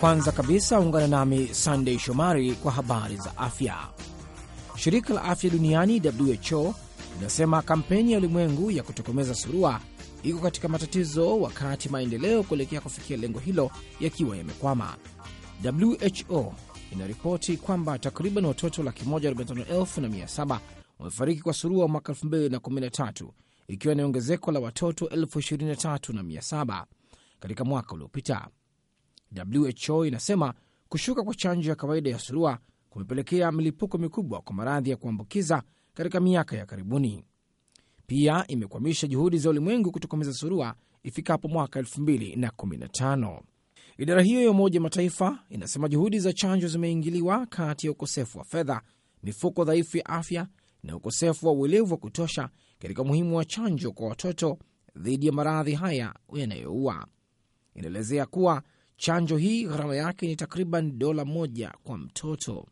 Kwanza kabisa ungana nami Sandei Shomari kwa habari za afya. Shirika la afya duniani WHO linasema kampeni ya ulimwengu ya kutokomeza surua iko katika matatizo, wakati maendeleo kuelekea kufikia lengo hilo yakiwa yamekwama. WHO inaripoti kwamba takriban watoto laki moja arobaini na tano elfu na mia saba wamefariki kwa surua mwaka 213 ikiwa ni ongezeko la watoto elfu ishirini na tatu na mia saba katika mwaka uliopita. WHO inasema kushuka kwa chanjo ya kawaida ya surua kumepelekea milipuko mikubwa kwa maradhi ya kuambukiza katika miaka ya karibuni. Pia imekwamisha juhudi za ulimwengu kutokomeza surua ifikapo mwaka 2015. Idara hiyo ya Umoja Mataifa inasema juhudi za chanjo zimeingiliwa kati ya ukosefu wa fedha, mifuko dhaifu ya afya na ukosefu wa uelevu wa kutosha katika umuhimu wa chanjo kwa watoto dhidi ya maradhi haya yanayoua. Inaelezea kuwa Chanjo hii gharama yake ni takriban dola moja kwa mtoto.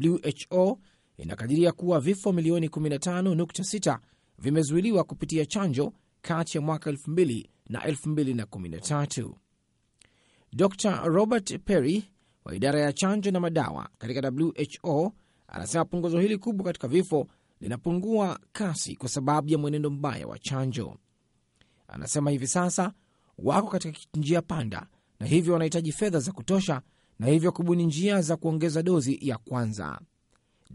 WHO inakadiria kuwa vifo milioni 15.6 vimezuiliwa kupitia chanjo kati ya mwaka 2000 na 2013. Dr Robert Perry wa idara ya chanjo na madawa katika WHO anasema punguzo hili kubwa katika vifo linapungua kasi kwa sababu ya mwenendo mbaya wa chanjo. Anasema hivi sasa wako katika njia panda na hivyo wanahitaji fedha za kutosha na hivyo kubuni njia za kuongeza dozi ya kwanza.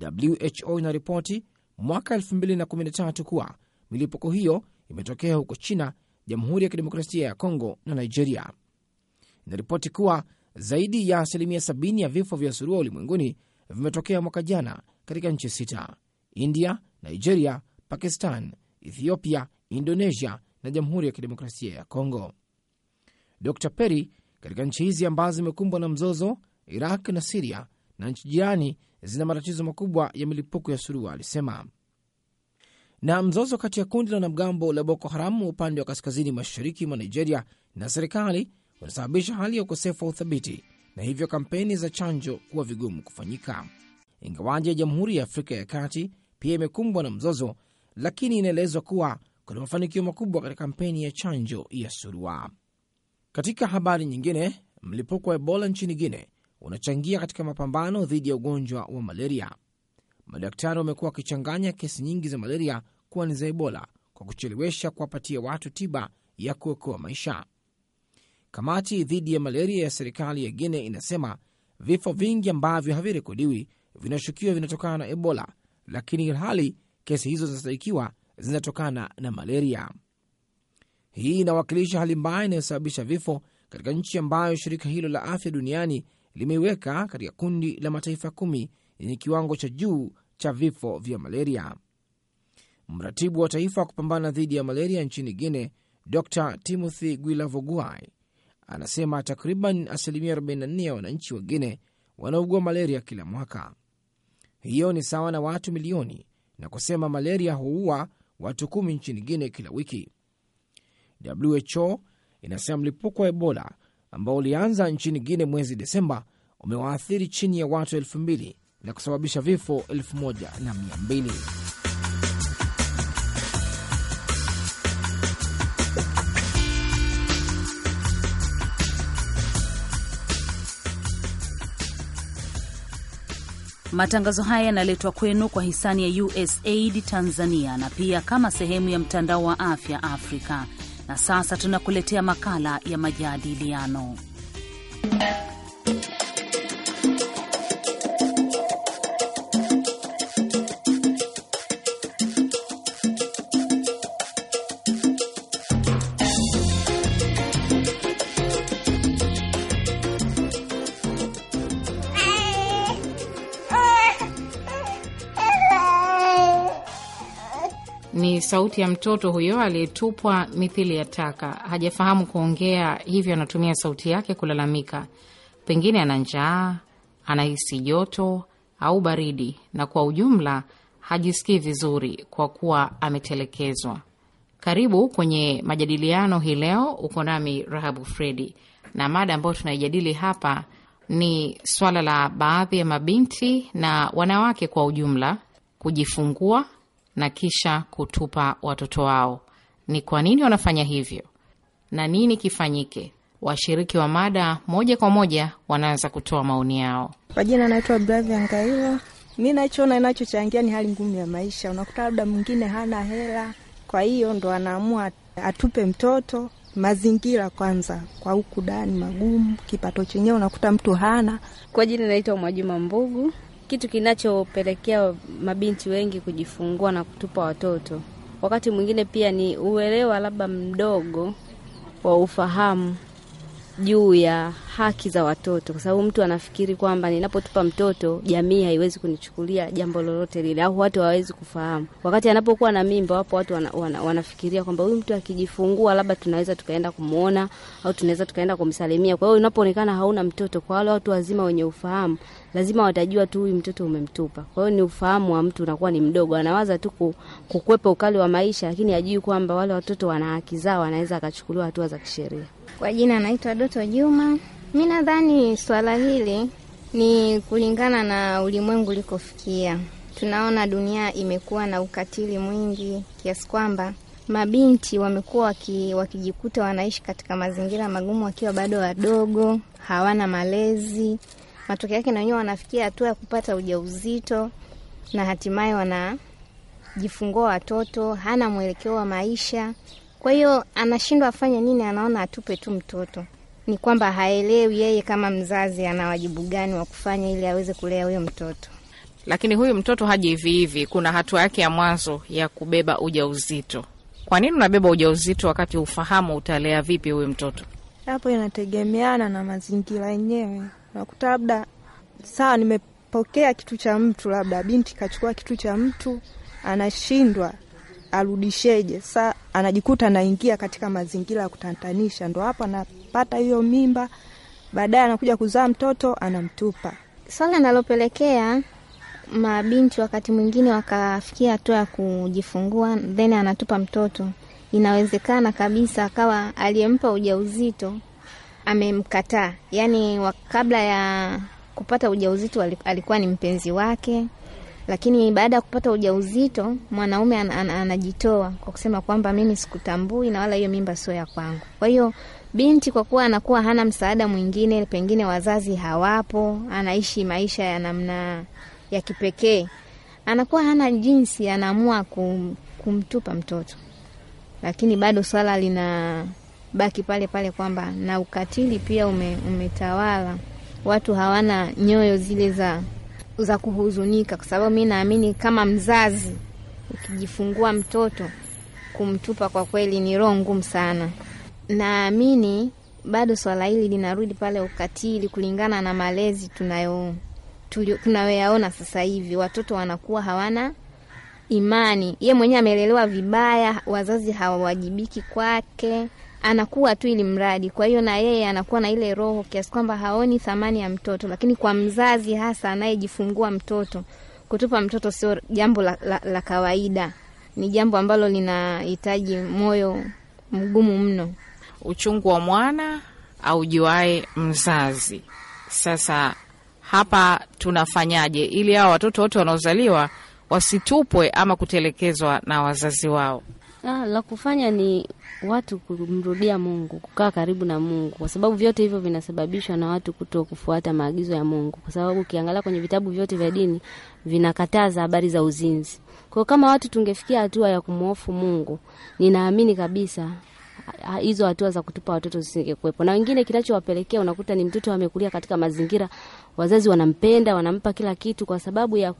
WHO inaripoti mwaka 2013 kuwa milipuko hiyo imetokea huko China, Jamhuri ya Kidemokrasia ya Kongo na Nigeria. Inaripoti kuwa zaidi ya asilimia 70 ya vifo vya surua ulimwenguni vimetokea mwaka jana katika nchi sita: India, Nigeria, Pakistan, Ethiopia, Indonesia na Jamhuri ya Kidemokrasia ya Kongo. Dr Perry katika nchi hizi ambazo zimekumbwa na mzozo, Iraq na Siria na nchi jirani zina matatizo makubwa ya milipuko ya surua, alisema. Na mzozo kati ya kundi la wanamgambo la Boko Haram upande wa kaskazini mashariki mwa Nigeria na serikali unasababisha hali ya ukosefu wa uthabiti na hivyo kampeni za chanjo kuwa vigumu kufanyika. Ingawaji ya Jamhuri ya Afrika ya Kati pia imekumbwa na mzozo, lakini inaelezwa kuwa kuna mafanikio makubwa katika kampeni ya chanjo ya surua. Katika habari nyingine, mlipuko wa Ebola nchini Guine unachangia katika mapambano dhidi ya ugonjwa wa malaria. Madaktari wamekuwa wakichanganya kesi nyingi za malaria kuwa ni za Ebola kwa kuchelewesha kuwapatia watu tiba ya kuokoa maisha. Kamati dhidi ya malaria ya serikali ya Guine inasema vifo vingi ambavyo havirekodiwi vinashukiwa vinatokana na Ebola, lakini hali kesi hizo zinasadikiwa zinatokana na malaria. Hii inawakilisha hali mbaya inayosababisha vifo katika nchi ambayo shirika hilo la afya duniani limeiweka katika kundi la mataifa kumi yenye kiwango cha juu cha vifo vya malaria. Mratibu wa taifa wa kupambana dhidi ya malaria nchini Guine, Dr Timothy Guilavuguai, anasema takriban asilimia 44 ya wananchi wa Guine wanaugua malaria kila mwaka. Hiyo ni sawa na watu milioni, na kusema malaria huua watu kumi nchini Guine kila wiki. WHO inasema mlipuko wa Ebola ambao ulianza nchini Guine mwezi Desemba umewaathiri chini ya watu elfu mbili na kusababisha vifo elfu moja na mia mbili. Matangazo haya yanaletwa kwenu kwa hisani ya USAID Tanzania na pia kama sehemu ya mtandao wa afya Afrika. Na sasa tunakuletea makala ya majadiliano Ni sauti ya mtoto huyo aliyetupwa mithili ya taka. Hajafahamu kuongea, hivyo anatumia sauti yake kulalamika. Pengine ana njaa, anahisi joto au baridi, na kwa ujumla hajisikii vizuri kwa kuwa ametelekezwa. Karibu kwenye majadiliano hii leo. Uko nami Rahabu Fredi, na mada ambayo tunaijadili hapa ni swala la baadhi ya mabinti na wanawake kwa ujumla kujifungua na kisha kutupa watoto wao. Ni kwa nini wanafanya hivyo na nini kifanyike? Washiriki wa mada moja kwa moja wanaanza kutoa maoni yao. Kwa jina naitwa Bravi Angaila. Mi nachoona inachochangia ni hali ngumu ya maisha. Unakuta labda mwingine hana hela, kwa hiyo ndo anaamua atupe mtoto. Mazingira kwanza kwa huku dani magumu, kipato chenyewe unakuta mtu hana. Kwa jina naitwa Mwajuma Mbugu kitu kinachopelekea mabinti wengi kujifungua na kutupa watoto. Wakati mwingine pia ni uelewa labda mdogo wa ufahamu juu ya haki za watoto, kwa sababu mtu anafikiri kwamba ninapotupa mtoto jamii haiwezi kunichukulia jambo lolote lile, au watu hawawezi kufahamu. Wakati anapokuwa na mimba, wapo watu wana, wana, wanafikiria kwamba huyu mtu akijifungua, labda tunaweza tukaenda kumwona au tunaweza tukaenda kumsalimia. Kwa hiyo unapoonekana hauna mtoto, kwa wale watu wazima wenye ufahamu, lazima watajua tu huyu mtoto umemtupa. Kwa hiyo ni ufahamu wa mtu unakuwa ni mdogo, anawaza tu kukwepa ukali wa maisha, lakini ajui kwamba wale watoto wana haki zao, anaweza akachukuliwa hatua za kisheria. Kwa jina naitwa Doto Juma. Mi nadhani swala hili ni kulingana na ulimwengu ulikofikia. Tunaona dunia imekuwa na ukatili mwingi kiasi kwamba mabinti wamekuwa waki, wakijikuta wanaishi katika mazingira magumu wakiwa bado wadogo, hawana malezi. Matokeo yake na wenyewe wanafikia hatua ya kupata ujauzito na hatimaye wanajifungua watoto, hana mwelekeo wa maisha. Kwa hiyo anashindwa afanye nini, anaona atupe tu mtoto. Ni kwamba haelewi yeye kama mzazi ana wajibu gani wa kufanya ili aweze kulea huyo mtoto. Lakini huyu mtoto haji hivi hivi, kuna hatua yake ya mwanzo ya kubeba ujauzito. Kwa nini unabeba ujauzito wakati ufahamu utalea vipi huyu mtoto? Hapo inategemeana na mazingira yenyewe. nakuta labda sawa, nimepokea kitu cha mtu, labda binti kachukua kitu cha mtu, anashindwa arudisheje? Sa anajikuta anaingia katika mazingira ya kutantanisha, ndo hapo anapata hiyo mimba, baadaye anakuja kuzaa mtoto anamtupa. Swala linalopelekea mabinti wakati mwingine wakafikia hatua ya kujifungua then anatupa mtoto, inawezekana kabisa akawa aliyempa ujauzito amemkataa, yani kabla ya kupata ujauzito alikuwa ni mpenzi wake lakini baada ya kupata ujauzito mwanaume an, an, anajitoa kwa kusema kwamba mimi sikutambui na wala hiyo mimba sio ya kwangu. Kwa hiyo binti kwa kuwa anakuwa hana msaada mwingine, pengine wazazi hawapo, anaishi maisha ya namna ya kipekee, anakuwa hana jinsi, anaamua kum, kumtupa mtoto, lakini bado swala linabaki pale pale kwamba na ukatili pia ume, umetawala. Watu hawana nyoyo zile za za kuhuzunika, kwa sababu mi naamini kama mzazi ukijifungua mtoto kumtupa kwa kweli ni roho ngumu sana. Naamini bado swala hili linarudi pale ukatili, kulingana na malezi tunayo tunayoyaona sasa hivi. Watoto wanakuwa hawana imani, ye mwenyewe amelelewa vibaya, wazazi hawawajibiki kwake, anakuwa tu ili mradi. Kwa hiyo na yeye anakuwa na ile roho kiasi kwamba haoni thamani ya mtoto, lakini kwa mzazi hasa anayejifungua mtoto, kutupa mtoto sio jambo la, la, la kawaida, ni jambo ambalo linahitaji moyo mgumu mno. Uchungu wa mwana aujuae mzazi. Sasa hapa tunafanyaje ili hawa watoto wote wanaozaliwa wasitupwe ama kutelekezwa na wazazi wao? Ah, la kufanya ni watu kumrudia Mungu, kukaa karibu na Mungu, kwa sababu vyote hivyo vinasababishwa na watu kuto kufuata maagizo ya Mungu, kwa sababu ukiangalia kwenye vitabu vyote vya dini vinakataza habari za uzinzi. Kwa kama watu tungefikia hatua ya kumhofu Mungu, ninaamini kabisa hizo hatua za kutupa watoto zisingekuwepo. Na wengine kinachowapelekea unakuta ni mtoto amekulia katika mazingira, wazazi wanampenda, wanampa kila kitu kwa sababu ya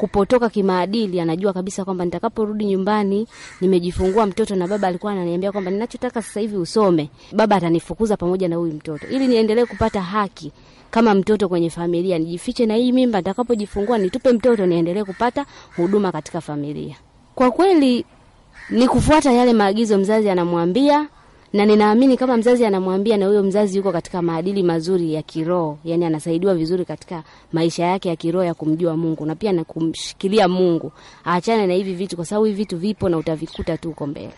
kupotoka kimaadili, anajua kabisa kwamba nitakaporudi nyumbani nimejifungua mtoto, na baba alikuwa ananiambia kwamba ninachotaka sasa hivi usome, baba atanifukuza pamoja na huyu mtoto, ili niendelee kupata haki kama mtoto kwenye familia, nijifiche na hii mimba, nitakapojifungua nitupe mtoto, niendelee kupata huduma katika familia. Kwa kweli ni kufuata yale maagizo mzazi anamwambia na ninaamini kama mzazi anamwambia na huyo mzazi yuko katika maadili mazuri ya kiroho, yani anasaidiwa vizuri katika maisha yake ya kiroho ya kumjua Mungu na pia na kumshikilia Mungu, aachane na hivi vitu, kwa sababu hivi vitu vipo na utavikuta tu huko mbele.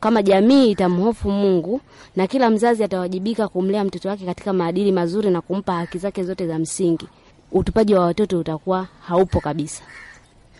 Kama jamii itamhofu Mungu na kila mzazi atawajibika kumlea mtoto wake katika maadili mazuri na kumpa haki zake zote za msingi, utupaji wa watoto utakuwa haupo kabisa.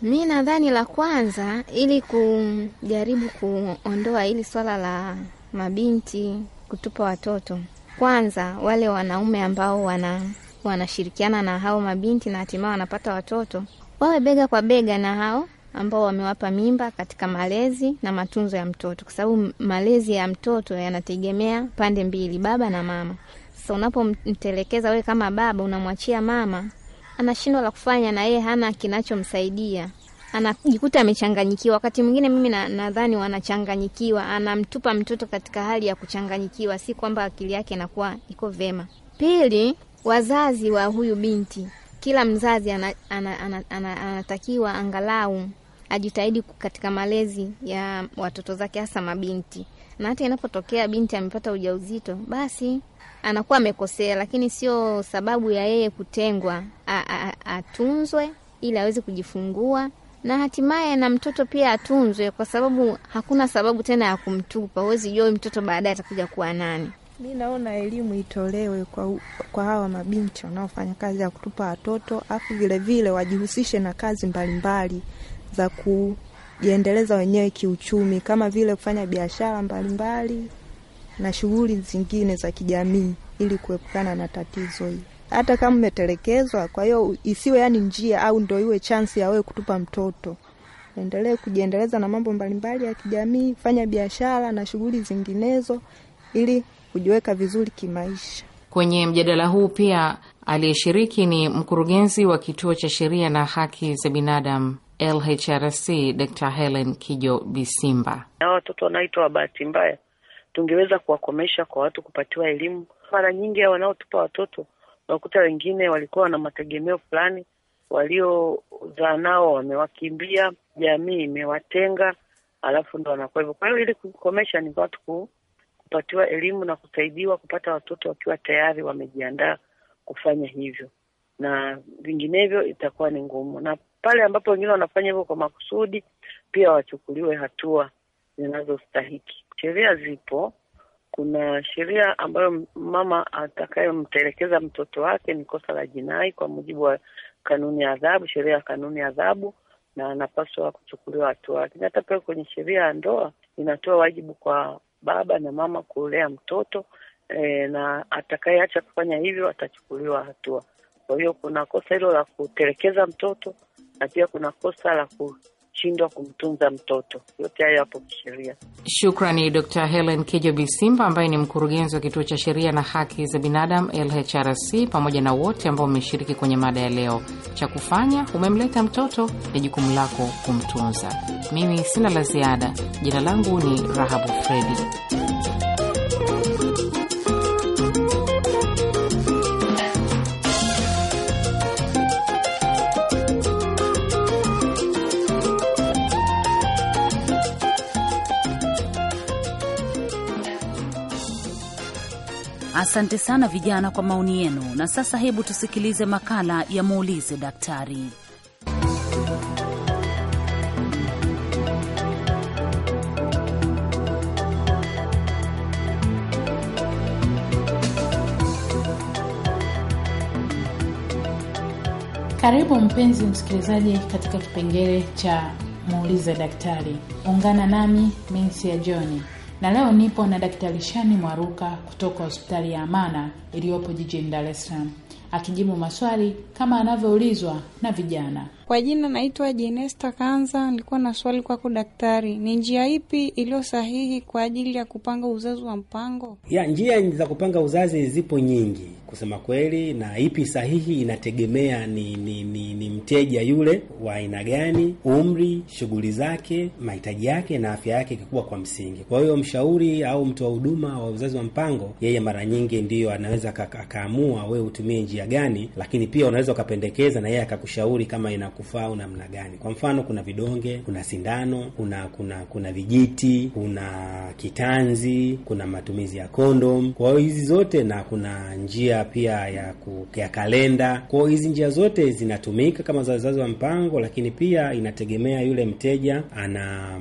Mi nadhani la kwanza, ili kujaribu kuondoa hili swala la mabinti kutupa watoto. Kwanza wale wanaume ambao wana wanashirikiana na hao mabinti na hatimaye wanapata watoto wawe bega kwa bega na hao ambao wamewapa mimba katika malezi na matunzo ya mtoto, kwa sababu malezi ya mtoto yanategemea pande mbili, baba na mama. Sasa unapomtelekeza wewe kama baba, unamwachia mama, anashindwa la kufanya, na yeye hana kinachomsaidia anajikuta amechanganyikiwa. Wakati mwingine mimi nadhani na wanachanganyikiwa, anamtupa mtoto katika hali ya kuchanganyikiwa, si kwamba akili yake inakuwa iko vema. Pili, wazazi wa huyu binti, kila mzazi anatakiwa ana, ana, ana, angalau ajitahidi katika malezi ya watoto zake, hasa mabinti, na hata inapotokea binti amepata ujauzito, basi anakuwa amekosea, lakini sio sababu ya yeye kutengwa. Atunzwe ili aweze kujifungua na hatimaye na mtoto pia atunzwe, kwa sababu hakuna sababu tena ya kumtupa. Huwezi jua mtoto baadaye atakuja kuwa nani. Mi naona elimu itolewe kwa, kwa hawa mabinti wanaofanya kazi ya kutupa watoto, afu vilevile wajihusishe na kazi mbalimbali za kujiendeleza wenyewe kiuchumi, kama vile kufanya biashara mbalimbali na shughuli zingine za kijamii, ili kuepukana na tatizo hili hata kama umetelekezwa. Kwa hiyo isiwe yani njia au ndo iwe chansi ya wewe kutupa mtoto. Endelee kujiendeleza na mambo mbalimbali ya kijamii, fanya biashara na shughuli zinginezo ili kujiweka vizuri kimaisha. Kwenye mjadala huu pia aliyeshiriki ni mkurugenzi wa kituo cha sheria na haki za binadamu LHRC Dr. Helen Kijo Bisimba. Hawa watoto wanaoitwa bahati mbaya, tungeweza kuwakomesha kwa watu kupatiwa elimu. Mara nyingi hao wanaotupa watoto unakuta wengine walikuwa na mategemeo fulani waliozaa nao wamewakimbia, jamii imewatenga, alafu ndo wanakuwa hivyo. Kwa hiyo ili kukomesha ni watu kupatiwa elimu na kusaidiwa kupata watoto wakiwa tayari wamejiandaa kufanya hivyo, na vinginevyo itakuwa ni ngumu. Na pale ambapo wengine wanafanya hivyo kwa makusudi, pia wachukuliwe hatua zinazostahiki. Sheria zipo, kuna sheria ambayo mama atakayemtelekeza mtoto wake ni kosa la jinai kwa mujibu wa kanuni ya adhabu, sheria ya kanuni ya adhabu, na anapaswa kuchukuliwa hatua. Lakini hata pia kwenye sheria ya ndoa inatoa wajibu kwa baba na mama kulea mtoto e, na atakayeacha kufanya hivyo atachukuliwa hatua. Kwa hiyo kuna kosa hilo la kutelekeza mtoto na pia kuna kosa la ku kushindwa kumtunza mtoto. Yote hayo yapo kisheria. Shukrani Dr. Helen Kijo Bisimba ambaye ni mkurugenzi wa kituo cha sheria na haki za binadamu LHRC, pamoja na wote ambao wameshiriki kwenye mada ya leo. Cha kufanya, umemleta mtoto, ni jukumu lako kumtunza. Mimi sina la ziada. Jina langu ni Rahabu Fredi. Asante sana vijana kwa maoni yenu. Na sasa hebu tusikilize makala ya muulize daktari. Karibu mpenzi msikilizaji katika kipengele cha muulize daktari. Ungana nami Mensi ya Johni na leo nipo na Daktari Shani Mwaruka kutoka hospitali ya Amana iliyopo jijini Dar es Salaam, akijibu maswali kama anavyoulizwa na vijana. Kwa jina naitwa Jenesta Kanza, nilikuwa na swali kwako daktari, ni njia ipi iliyo sahihi kwa ajili ya kupanga uzazi wa mpango? Ya, njia za kupanga uzazi zipo nyingi kusema kweli, na ipi sahihi inategemea ni, ni, ni, ni mteja yule wa aina gani, umri, shughuli zake, mahitaji yake na afya yake ikikuwa kwa msingi. Kwa hiyo mshauri au mtoa huduma wa uzazi wa mpango, yeye mara nyingi ndiyo anaweza akaamua wewe utumie njia gani, lakini pia unaweza ukapendekeza na yeye akakushauri kama inaku kufaa namna gani. Kwa mfano, kuna vidonge, kuna sindano, kuna kuna kuna vijiti, kuna kitanzi, kuna matumizi ya kondom. Kwa hiyo hizi zote, na kuna njia pia ya ku, ya kalenda. Kwa hiyo hizi njia zote zinatumika kama za uzazi wa mpango, lakini pia inategemea yule mteja ana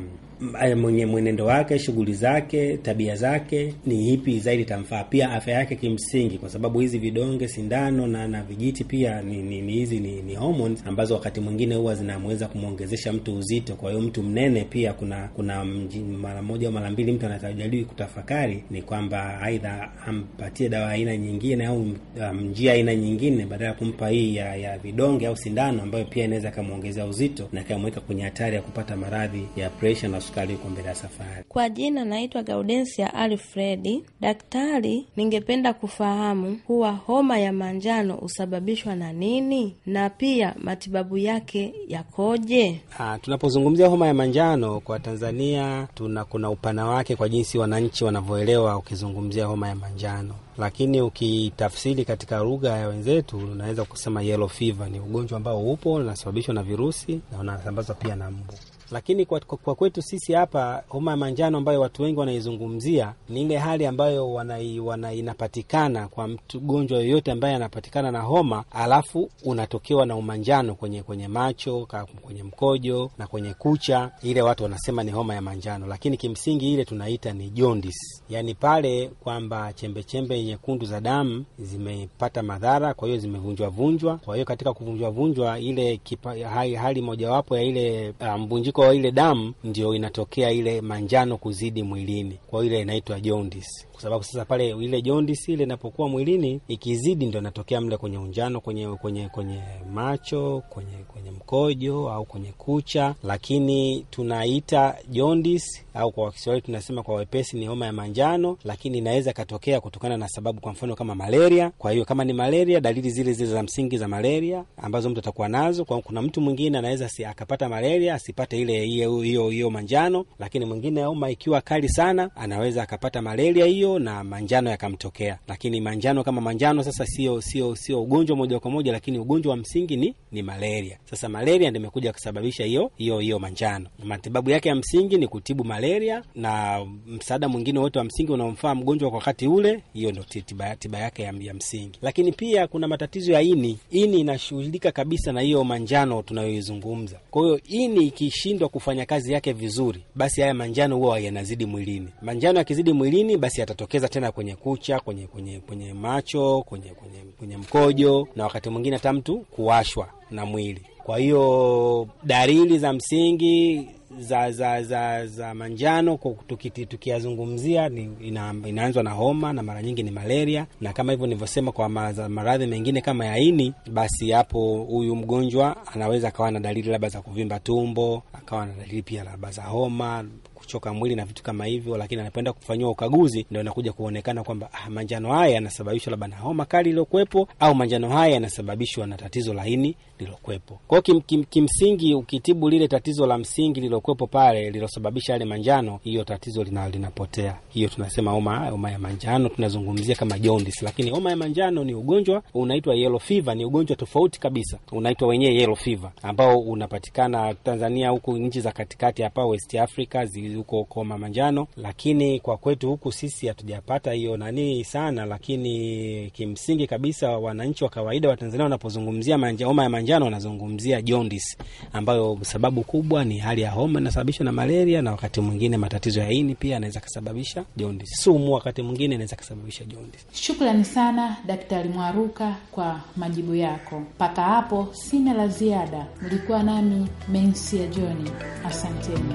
Eh, mwenye mwenendo wake, shughuli zake, tabia zake ni ipi zaidi tamfaa pia afya yake kimsingi, kwa sababu hizi vidonge, sindano na na vijiti pia ni hizi ni, ni, ni hormones ambazo wakati mwingine huwa zinamweza kumwongezesha mtu uzito. Kwa hiyo mtu mnene pia kuna kuna mara moja au mara mbili mtu anatajaliwi kutafakari ni kwamba aidha ampatie dawa aina nyingine au um, njia aina nyingine badala ya kumpa hii ya, ya vidonge au sindano ambayo pia inaweza ikamwongezea uzito na ikamweka kwenye hatari ya kupata maradhi ya pressure na sukari iko mbele ya safari. Kwa jina naitwa Gaudensia Alfredi. Daktari, ningependa kufahamu huwa homa ya manjano husababishwa na nini na pia matibabu yake yakoje? Ah, tunapozungumzia homa ya manjano kwa Tanzania tuna kuna upana wake kwa jinsi wananchi wanavyoelewa ukizungumzia homa ya manjano lakini ukitafsiri katika lugha ya wenzetu unaweza kusema yellow fever. Ni ugonjwa ambao upo unasababishwa na virusi na unasambazwa pia na mbu. Lakini kwa, kwa kwetu sisi hapa homa ya manjano ambayo watu wengi wanaizungumzia ni ile hali ambayo wanai, inapatikana kwa mgonjwa yoyote ambaye anapatikana na homa alafu unatokewa na umanjano kwenye, kwenye macho kwenye mkojo na kwenye kucha, ile watu wanasema ni homa ya manjano, lakini kimsingi ile tunaita ni jondis, Yani pale kwamba chembechembe nyekundu za damu zimepata madhara, kwa hiyo zimevunjwavunjwa. Kwa hiyo katika kuvunjwavunjwa ile kipa, hali mojawapo ya ile ah, mvunjiko mtiririko wa ile damu ndio inatokea ile manjano kuzidi mwilini, kwa ile inaitwa jaundice kwa sababu sasa pale ile jondis ile inapokuwa mwilini ikizidi, ndo inatokea mle kwenye unjano, kwenye kwenye kwenye macho, kwenye kwenye mkojo au kwenye kucha, lakini tunaita jondis au kwa Kiswahili tunasema kwa wepesi ni homa ya manjano, lakini inaweza ikatokea kutokana na sababu, kwa mfano kama malaria. Kwa hiyo kama ni malaria, dalili zile zile za msingi za malaria ambazo mtu atakuwa nazo. Kwa kuna mtu mwingine anaweza si, akapata malaria asipate ile hiyo hiyo manjano, lakini mwingine homa ikiwa kali sana anaweza akapata malaria hiyo hiyo na manjano yakamtokea. Lakini manjano kama manjano sasa sio sio sio ugonjwa moja kwa moja, lakini ugonjwa wa msingi ni ni malaria. Sasa malaria ndio imekuja kusababisha hiyo hiyo hiyo manjano. Matibabu yake ya msingi ni kutibu malaria na msaada mwingine wote wa msingi unaomfaa mgonjwa kwa wakati ule, hiyo ndio tiba, tiba yake ya, ya msingi. Lakini pia kuna matatizo ya ini. Ini inashughulika kabisa na hiyo manjano tunayoizungumza. Kwa hiyo ini ikishindwa kufanya kazi yake vizuri, basi haya manjano huwa yanazidi mwilini. Manjano yakizidi mwilini, basi yata yanajitokeza tena kwenye kucha, kwenye kwenye kwenye macho, kwenye kwenye kwenye mkojo, na wakati mwingine hata mtu kuwashwa na mwili. Kwa hiyo dalili za msingi za za za za manjano tukiyazungumzia ina, inaanzwa na homa na mara nyingi ni malaria, na kama hivyo nilivyosema, kwa maradhi mengine kama ya ini, basi hapo huyu mgonjwa anaweza akawa na dalili labda za kuvimba tumbo, akawa na dalili pia labda za homa kuchoka mwili na vitu kama hivyo, lakini anapoenda kufanyiwa ukaguzi ndio inakuja kuonekana kwamba ah, manjano haya yanasababishwa labda na homa kali iliyokuwepo au manjano haya yanasababishwa na tatizo la ini lilokuwepo. Kwa hiyo kim, kim, kimsingi ukitibu lile tatizo la msingi lilokuwepo pale lilosababisha yale manjano, hiyo tatizo lina, linapotea. Hiyo tunasema homa homa ya manjano tunazungumzia kama jaundice, lakini homa ya manjano ni ugonjwa unaitwa yellow fever, ni ugonjwa tofauti kabisa, unaitwa wenyewe yellow fever ambao unapatikana Tanzania huku nchi za katikati hapa West Africa zi yuko huko Manjano, lakini kwa kwetu huku sisi hatujapata hiyo nani sana, lakini kimsingi kabisa wananchi wa kawaida wa Tanzania wanapozungumzia homa ya manjano wanazungumzia jaundice, ambayo sababu kubwa ni hali ya homa inasababishwa na malaria, na wakati mwingine matatizo ya ini pia anaweza kasababisha jaundice. Sumu wakati mwingine inaweza kasababisha jaundice. Shukrani sana Daktari Mwaruka kwa majibu yako. Mpaka hapo sina la ziada. Mlikuwa nami Mensia Joni, asanteni.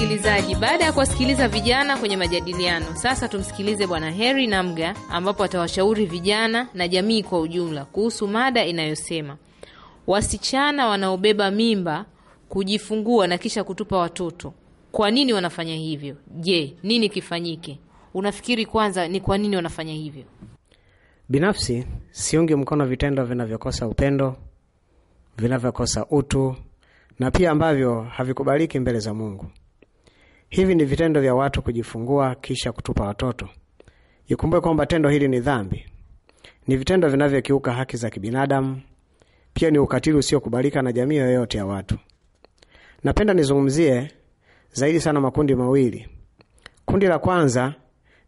msikilizaji, baada ya kuwasikiliza vijana kwenye majadiliano, sasa tumsikilize Bwana Heri Namga ambapo atawashauri vijana na jamii kwa ujumla kuhusu mada inayosema wasichana wanaobeba mimba kujifungua na kisha kutupa watoto. Kwa nini wanafanya hivyo? Je, nini kifanyike? Unafikiri kwanza ni kwa nini wanafanya hivyo? Binafsi siungi mkono vitendo vinavyokosa upendo, vinavyokosa utu na pia ambavyo havikubaliki mbele za Mungu. Hivi ni vitendo vya watu kujifungua kisha kutupa watoto. Ikumbuke kwamba tendo hili ni dhambi, ni vitendo vinavyokiuka haki za kibinadamu, pia ni ukatili usiokubalika na jamii yoyote ya watu. Napenda nizungumzie zaidi sana makundi mawili. Kundi la kwanza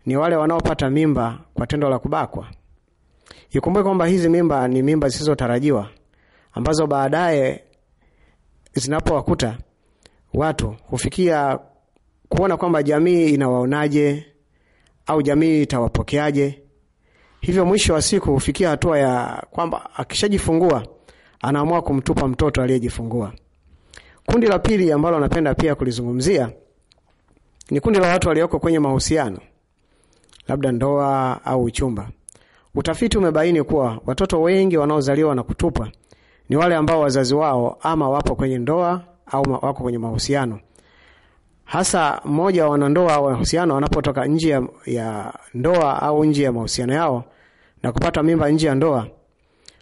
ni wale wanaopata mimba kwa tendo la kubakwa. Ikumbuke kwamba hizi mimba ni mimba zisizotarajiwa ambazo baadaye zinapowakuta watu hufikia kuona kwamba jamii inawaonaje au jamii itawapokeaje. Hivyo mwisho wa siku hufikia hatua ya kwamba akishajifungua anaamua kumtupa mtoto aliyejifungua. Kundi la pili ambalo napenda pia kulizungumzia ni kundi la watu walioko kwenye mahusiano, labda ndoa au uchumba. Utafiti umebaini kuwa watoto wengi wanaozaliwa na kutupwa ni wale ambao wazazi wao ama wapo kwenye ndoa au wako kwenye mahusiano hasa mmoja wa wanandoa wa mahusiano wanapotoka nje ya, ya ndoa au nje ya mahusiano yao na kupata mimba nje ya ndoa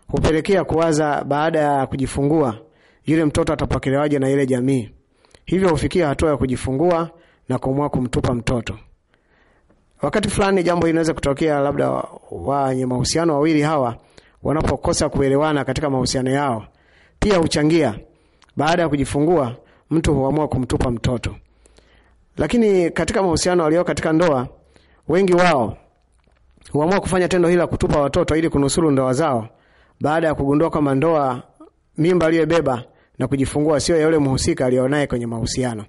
hupelekea kuwaza baada ya kujifungua yule mtoto atapokelewaje na ile jamii, hivyo hufikia hatua ya kujifungua na kuamua kumtupa mtoto. Wakati fulani jambo hili linaweza kutokea, labda wenye mahusiano wawili hawa wanapokosa kuelewana katika mahusiano yao, pia huchangia baada ya kujifungua mtu huamua kumtupa mtoto. Lakini katika mahusiano walio katika ndoa, wengi wao huamua kufanya tendo hili la kutupa watoto ili kunusuru ndoa zao, baada ya kugundua kwamba ndoa, mimba aliyebeba na kujifungua sio ya yule mhusika alionaye kwenye mahusiano.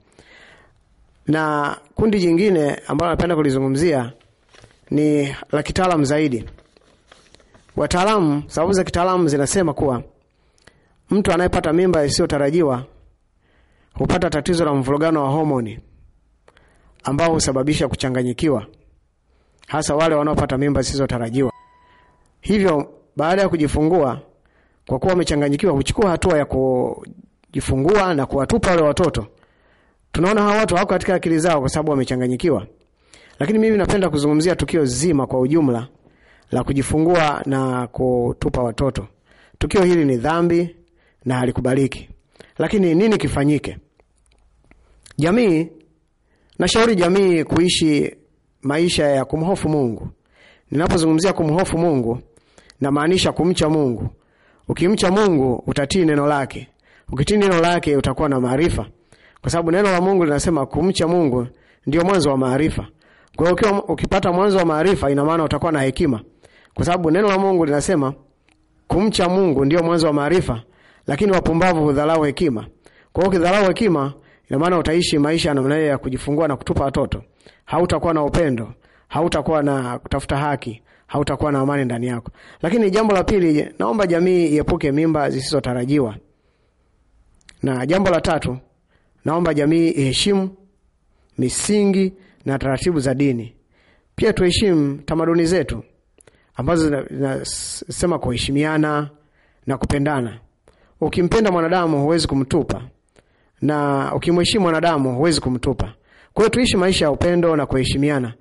Na kundi jingine ambalo napenda kulizungumzia ni la kitaalamu zaidi. Wataalamu, sababu za kitaalamu zinasema kuwa mtu anayepata mimba isiyotarajiwa hupata tatizo la mvurugano wa homoni ambao husababisha kuchanganyikiwa, hasa wale wanaopata mimba zisizotarajiwa. Hivyo baada ya kujifungua, kwa kuwa wamechanganyikiwa, huchukua hatua ya kujifungua na kuwatupa wale watoto. Tunaona hawa watu hawako katika akili zao kwa sababu wamechanganyikiwa. Lakini mimi napenda kuzungumzia tukio zima kwa ujumla la kujifungua na kutupa watoto. Tukio hili ni dhambi na halikubaliki. Lakini nini kifanyike? Jamii Nashauri jamii kuishi maisha ya kumhofu Mungu. Ninapozungumzia kumhofu Mungu, namaanisha kumcha Mungu. Ukimcha Mungu utatii neno lake, ukitii neno lake utakuwa na maarifa, kwa sababu neno la Mungu linasema kumcha Mungu ndio mwanzo wa maarifa. Kwa hiyo ukiwa ukipata mwanzo wa maarifa, ina maana utakuwa na hekima, kwa sababu neno la Mungu linasema kumcha Mungu ndio mwanzo wa maarifa, lakini wapumbavu hudharau hekima. Kwa hiyo ukidharau hekima ndio maana utaishi maisha ya namna ya kujifungua na kutupa watoto, hautakuwa na upendo, hautakuwa na kutafuta haki, hautakuwa na amani ndani yako. Lakini jambo la pili, naomba jamii iepuke mimba zisizotarajiwa, na jambo la tatu, naomba jamii iheshimu misingi na taratibu za dini. Pia tuheshimu tamaduni zetu ambazo zinasema kuheshimiana na kupendana. Ukimpenda mwanadamu huwezi kumtupa na ukimheshimu mwanadamu huwezi kumtupa. Kwa hiyo tuishi maisha ya upendo na kuheshimiana,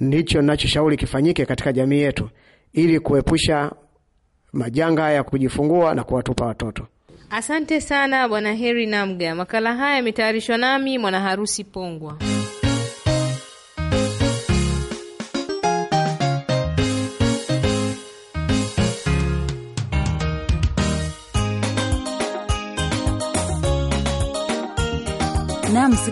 ndicho ninachoshauri kifanyike katika jamii yetu ili kuepusha majanga haya ya kujifungua na kuwatupa watoto. Asante sana Bwana Heri Namga. Makala haya yametayarishwa nami Mwanaharusi Pongwa.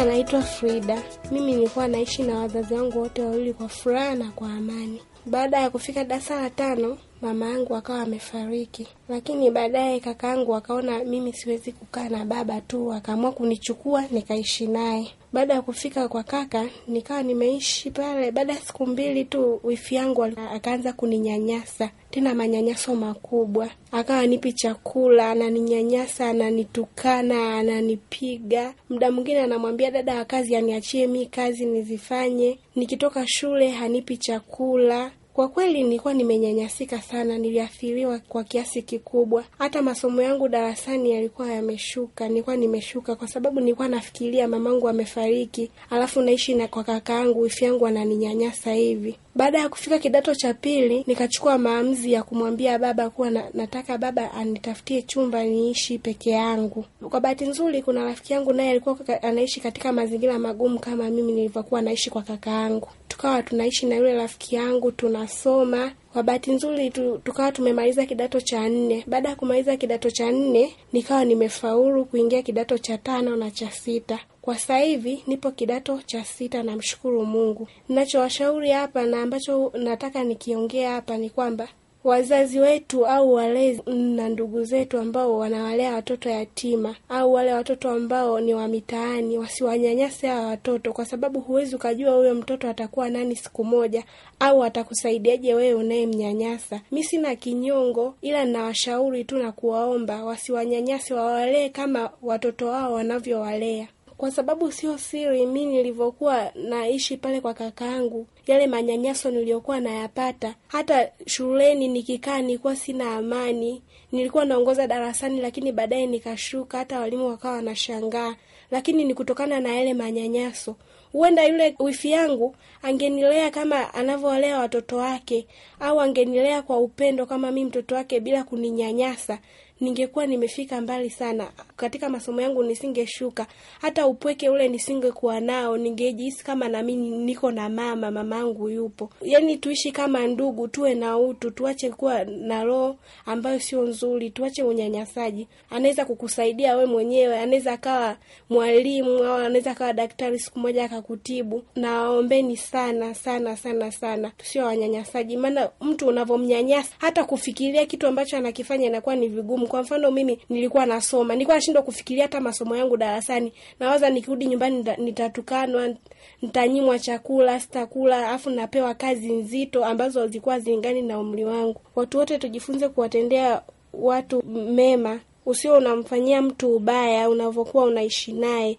Jina naitwa Frida. Mimi nilikuwa naishi na wazazi wangu wote wawili kwa furaha na kwa amani. Baada ya kufika darasa la tano, mama yangu akawa amefariki, lakini baadaye kaka yangu akaona mimi siwezi kukaa na baba tu, akaamua kunichukua nikaishi naye. Baada ya kufika kwa kaka, nikawa nimeishi pale. Baada ya siku mbili tu, wifi yangu akaanza kuninyanyasa tena, manyanyaso makubwa. Akawa nipi chakula, ananinyanyasa, ananitukana, ananipiga. Muda mwingine anamwambia dada wa kazi aniachie mi kazi nizifanye. Nikitoka shule hanipi chakula, kwa kweli nilikuwa nimenyanyasika sana, niliathiriwa kwa kiasi kikubwa. Hata masomo yangu darasani yalikuwa yameshuka, nilikuwa nimeshuka kwa sababu nilikuwa nafikiria mamangu amefariki, alafu naishi na kwa kakaangu, wifi yangu ananinyanyasa hivi. Baada ya kufika kidato cha pili, nikachukua maamuzi ya kumwambia baba kuwa na, nataka baba anitafutie chumba niishi peke yangu. Kwa bahati nzuri, kuna rafiki yangu naye alikuwa anaishi katika mazingira magumu kama mimi nilivyokuwa naishi kwa kaka yangu. Tukawa tunaishi na yule rafiki yangu, tunasoma kwa bahati nzuri tu, tukawa tumemaliza kidato cha nne. Baada ya kumaliza kidato cha nne, nikawa nimefaulu kuingia kidato cha tano na cha sita. Kwa sasa hivi nipo kidato cha sita, namshukuru Mungu. Ninachowashauri hapa na ambacho nataka nikiongea hapa ni kwamba wazazi wetu au walezi na ndugu zetu ambao wanawalea watoto yatima au wale watoto ambao ni wa mitaani, wasiwanyanyase hawa watoto, kwa sababu huwezi ukajua huyo mtoto atakuwa nani siku moja, au atakusaidiaje wewe unayemnyanyasa. Mi sina kinyongo, ila nawashauri tu na kuwaomba wasiwanyanyase, wawalee kama watoto wao wanavyowalea kwa sababu sio siri, mi nilivyokuwa naishi pale kwa kakaangu, yale manyanyaso niliyokuwa nayapata, hata shuleni nikikaa nilikuwa sina amani. Nilikuwa naongoza darasani, lakini baadaye nikashuka, hata walimu wakawa wanashangaa, lakini ni kutokana na yale manyanyaso. Huenda yule wifi yangu angenilea kama anavyowalea watoto wake, au angenilea kwa upendo kama mi mtoto wake, bila kuninyanyasa ningekuwa nimefika mbali sana katika masomo yangu, nisingeshuka. Hata upweke ule nisingekuwa nao, ningejihisi kama nami niko na mama, yangu yupo. Yani tuishi kama ndugu, tuwe na utu, tuache kuwa na roho ambayo sio nzuri, tuache unyanyasaji. Anaweza kukusaidia we mwenyewe, anaweza akawa mwalimu au anaweza akawa daktari, siku moja akakutibu. Nawaombeni sana sana sana sana, tusio wanyanyasaji, maana mtu unavyomnyanyasa hata kufikiria kitu ambacho anakifanya inakuwa ni vigumu. Kwa mfano mimi nilikuwa nasoma, nilikuwa nashindwa kufikiria hata masomo yangu darasani, nawaza nikirudi nyumbani nitatukanwa, nitanyimwa chakula, sitakula, alafu napewa kazi nzito ambazo zilikuwa zilingani na umri wangu. Watu wote tujifunze kuwatendea watu mema, usio unamfanyia mtu ubaya unavyokuwa unaishi naye.